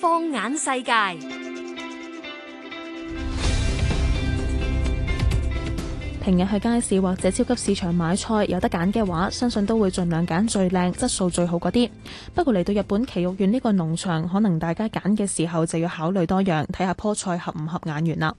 放眼世界，平日去街市或者超級市場買菜，有得揀嘅話，相信都會盡量揀最靚、質素最好嗰啲。不過嚟到日本埼玉縣呢個農場，可能大家揀嘅時候就要考慮多樣，睇下棵菜合唔合眼緣啦。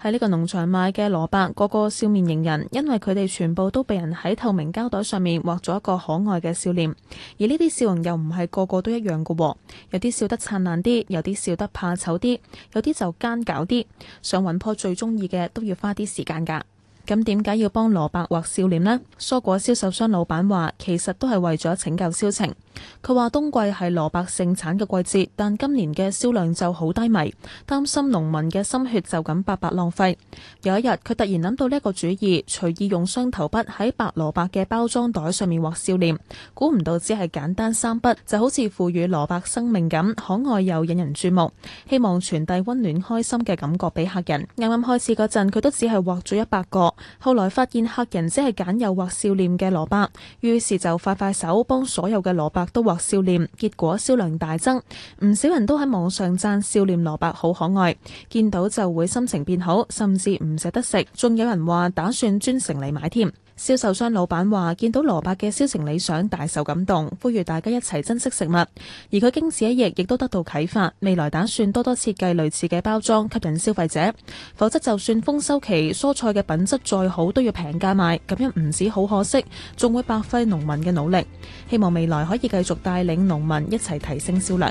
喺呢個農場賣嘅蘿蔔個個笑面迎人，因為佢哋全部都被人喺透明膠袋上面畫咗一個可愛嘅笑臉。而呢啲笑容又唔係個個都一樣㗎喎，有啲笑得燦爛啲，有啲笑得怕醜啲，有啲就奸狡啲。想揾樖最中意嘅，都要花啲時間噶。咁點解要幫蘿蔔畫笑臉呢？蔬果銷售商老闆話，其實都係為咗拯救銷情。佢話冬季係蘿蔔盛產嘅季節，但今年嘅銷量就好低迷，擔心農民嘅心血就咁白白浪費。有一日，佢突然諗到呢一個主意，隨意用雙頭筆喺白蘿蔔嘅包裝袋上面畫笑臉。估唔到只係簡單三筆，就好似賦予蘿蔔生命咁，可愛又引人注目，希望傳遞溫暖開心嘅感覺俾客人。啱啱開始嗰陣，佢都只係畫咗一百個，後來發現客人只係揀有畫笑臉嘅蘿蔔，於是就快快手幫所有嘅蘿蔔都獲笑臉，結果銷量大增，唔少人都喺網上讚笑臉蘿蔔好可愛，見到就會心情變好，甚至唔捨得食，仲有人話打算專程嚟買添。銷售商老闆話：見到蘿蔔嘅銷情理想，大受感動，呼籲大家一齊珍惜食物。而佢經此一役，亦都得到啟發，未來打算多多設計類似嘅包裝，吸引消費者。否則，就算豐收期蔬菜嘅品質再好，都要平價賣，咁樣唔止好可惜，仲會白費農民嘅努力。希望未來可以繼續帶領農民一齊提升銷量。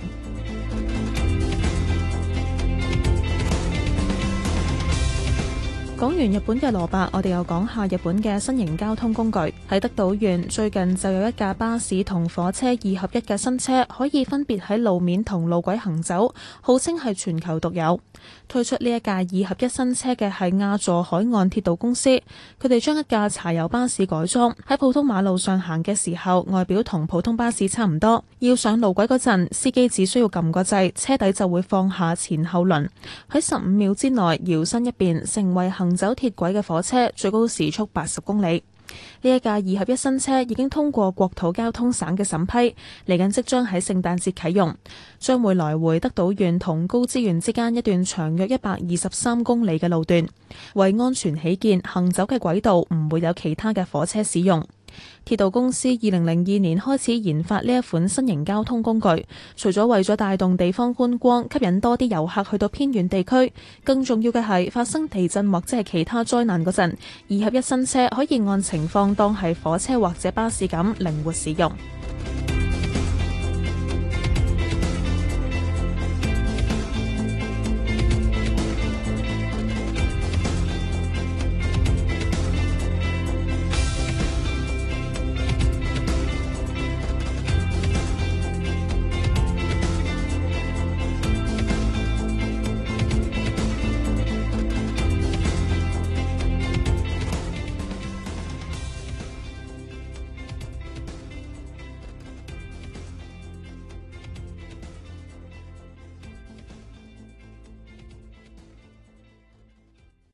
講完日本嘅蘿蔔，我哋又講下日本嘅新型交通工具。喺德島縣最近就有一架巴士同火車二合一嘅新車，可以分別喺路面同路軌行走，號稱係全球獨有。推出呢一架二合一新車嘅係阿佐海岸鐵道公司，佢哋將一架柴油巴士改裝，喺普通馬路上行嘅時候，外表同普通巴士差唔多。要上路軌嗰陣，司機只需要撳個掣，車底就會放下前後輪，喺十五秒之內搖身一變，成為行。行走鐵軌嘅火車最高時速八十公里，呢一架二合一新車已經通過國土交通省嘅審批，嚟緊即將喺聖誕節啟用，將會來回德島縣同高知縣之間一段長約一百二十三公里嘅路段。為安全起見，行走嘅軌道唔會有其他嘅火車使用。鐵道公司二零零二年開始研發呢一款新型交通工具，除咗為咗帶動地方觀光、吸引多啲遊客去到偏遠地區，更重要嘅係發生地震或者係其他災難嗰陣，二合一新車可以按情況當係火車或者巴士咁靈活使用。